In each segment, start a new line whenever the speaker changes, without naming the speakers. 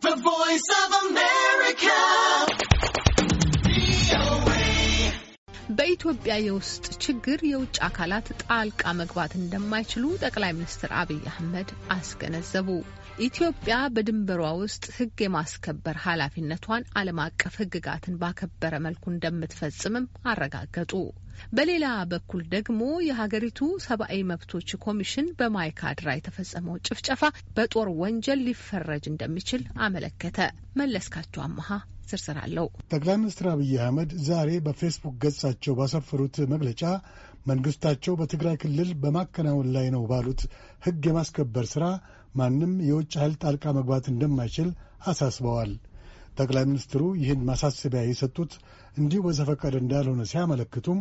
The Voice of America. በኢትዮጵያ የውስጥ ችግር የውጭ አካላት ጣልቃ መግባት እንደማይችሉ ጠቅላይ ሚኒስትር አብይ አህመድ አስገነዘቡ። ኢትዮጵያ በድንበሯ ውስጥ ሕግ የማስከበር ኃላፊነቷን ዓለም አቀፍ ሕግጋትን ባከበረ መልኩ እንደምትፈጽምም አረጋገጡ። በሌላ በኩል ደግሞ የሀገሪቱ ሰብአዊ መብቶች ኮሚሽን በማይካድራ የተፈጸመው ጭፍጨፋ በጦር ወንጀል ሊፈረጅ እንደሚችል አመለከተ። መለስካቸው አመሃ ዝርዝር አለው።
ጠቅላይ ሚኒስትር አብይ አህመድ ዛሬ በፌስቡክ ገጻቸው ባሰፈሩት መግለጫ መንግስታቸው በትግራይ ክልል በማከናወን ላይ ነው ባሉት ህግ የማስከበር ስራ ማንም የውጭ ኃይል ጣልቃ መግባት እንደማይችል አሳስበዋል። ጠቅላይ ሚኒስትሩ ይህን ማሳሰቢያ የሰጡት እንዲሁ በዘፈቀደ እንዳልሆነ ሲያመለክቱም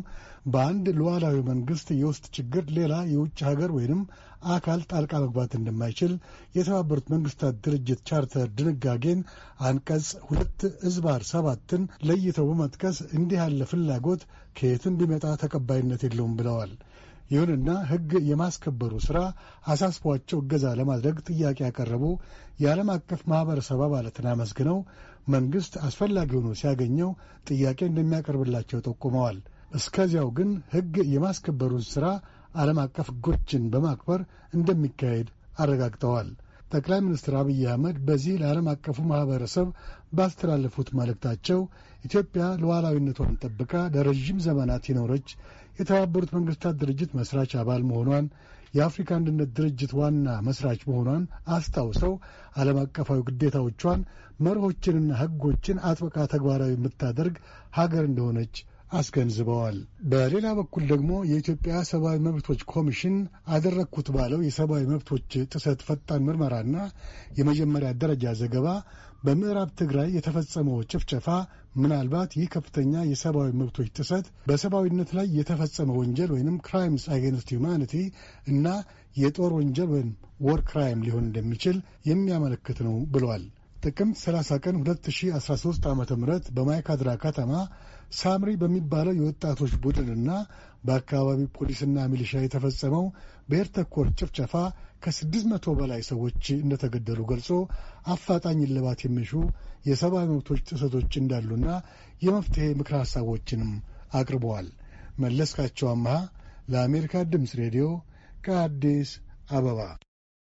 በአንድ ሉዓላዊ መንግስት የውስጥ ችግር ሌላ የውጭ ሀገር ወይንም አካል ጣልቃ መግባት እንደማይችል የተባበሩት መንግስታት ድርጅት ቻርተር ድንጋጌን አንቀጽ ሁለት እዝባር ሰባትን ለይተው በመጥቀስ እንዲህ ያለ ፍላጎት ከየትም ቢመጣ ተቀባይነት የለውም ብለዋል። ይሁንና ሕግ የማስከበሩ ሥራ አሳስቧቸው እገዛ ለማድረግ ጥያቄ ያቀረቡ የዓለም አቀፍ ማኅበረሰብ አባላትን አመስግነው መንግሥት አስፈላጊ ሆኖ ሲያገኘው ጥያቄ እንደሚያቀርብላቸው ጠቁመዋል። እስከዚያው ግን ሕግ የማስከበሩን ሥራ ዓለም አቀፍ ሕጎችን በማክበር እንደሚካሄድ አረጋግጠዋል። ጠቅላይ ሚኒስትር አብይ አህመድ በዚህ ለዓለም አቀፉ ማህበረሰብ ባስተላለፉት መልእክታቸው ኢትዮጵያ ሉዓላዊነቷን ጠብቃ ለረዥም ዘመናት የኖረች የተባበሩት መንግስታት ድርጅት መስራች አባል መሆኗን የአፍሪካ አንድነት ድርጅት ዋና መስራች መሆኗን አስታውሰው ዓለም አቀፋዊ ግዴታዎቿን መርሆችንና ሕጎችን አጥብቃ ተግባራዊ የምታደርግ ሀገር እንደሆነች አስገንዝበዋል። በሌላ በኩል ደግሞ የኢትዮጵያ ሰብአዊ መብቶች ኮሚሽን አደረግኩት ባለው የሰብአዊ መብቶች ጥሰት ፈጣን ምርመራና የመጀመሪያ ደረጃ ዘገባ በምዕራብ ትግራይ የተፈጸመው ጭፍጨፋ ምናልባት ይህ ከፍተኛ የሰብአዊ መብቶች ጥሰት በሰብአዊነት ላይ የተፈጸመ ወንጀል ወይም ክራይምስ አጌንስት ሁማኒቲ እና የጦር ወንጀል ወይም ወር ክራይም ሊሆን እንደሚችል የሚያመለክት ነው ብሏል። ጥቅምት 30 ቀን 2013 ዓ ም በማይካድራ ከተማ ሳምሪ በሚባለው የወጣቶች ቡድንና በአካባቢው ፖሊስና ሚሊሻ የተፈጸመው ብሔር ተኮር ጭፍጨፋ ከ600 በላይ ሰዎች እንደተገደሉ ገልጾ አፋጣኝ እልባት የሚሹ የሰብአዊ መብቶች ጥሰቶች እንዳሉና የመፍትሔ ምክር ሐሳቦችንም አቅርበዋል። መለስካቸው አመሃ ለአሜሪካ ድምፅ ሬዲዮ ከአዲስ አበባ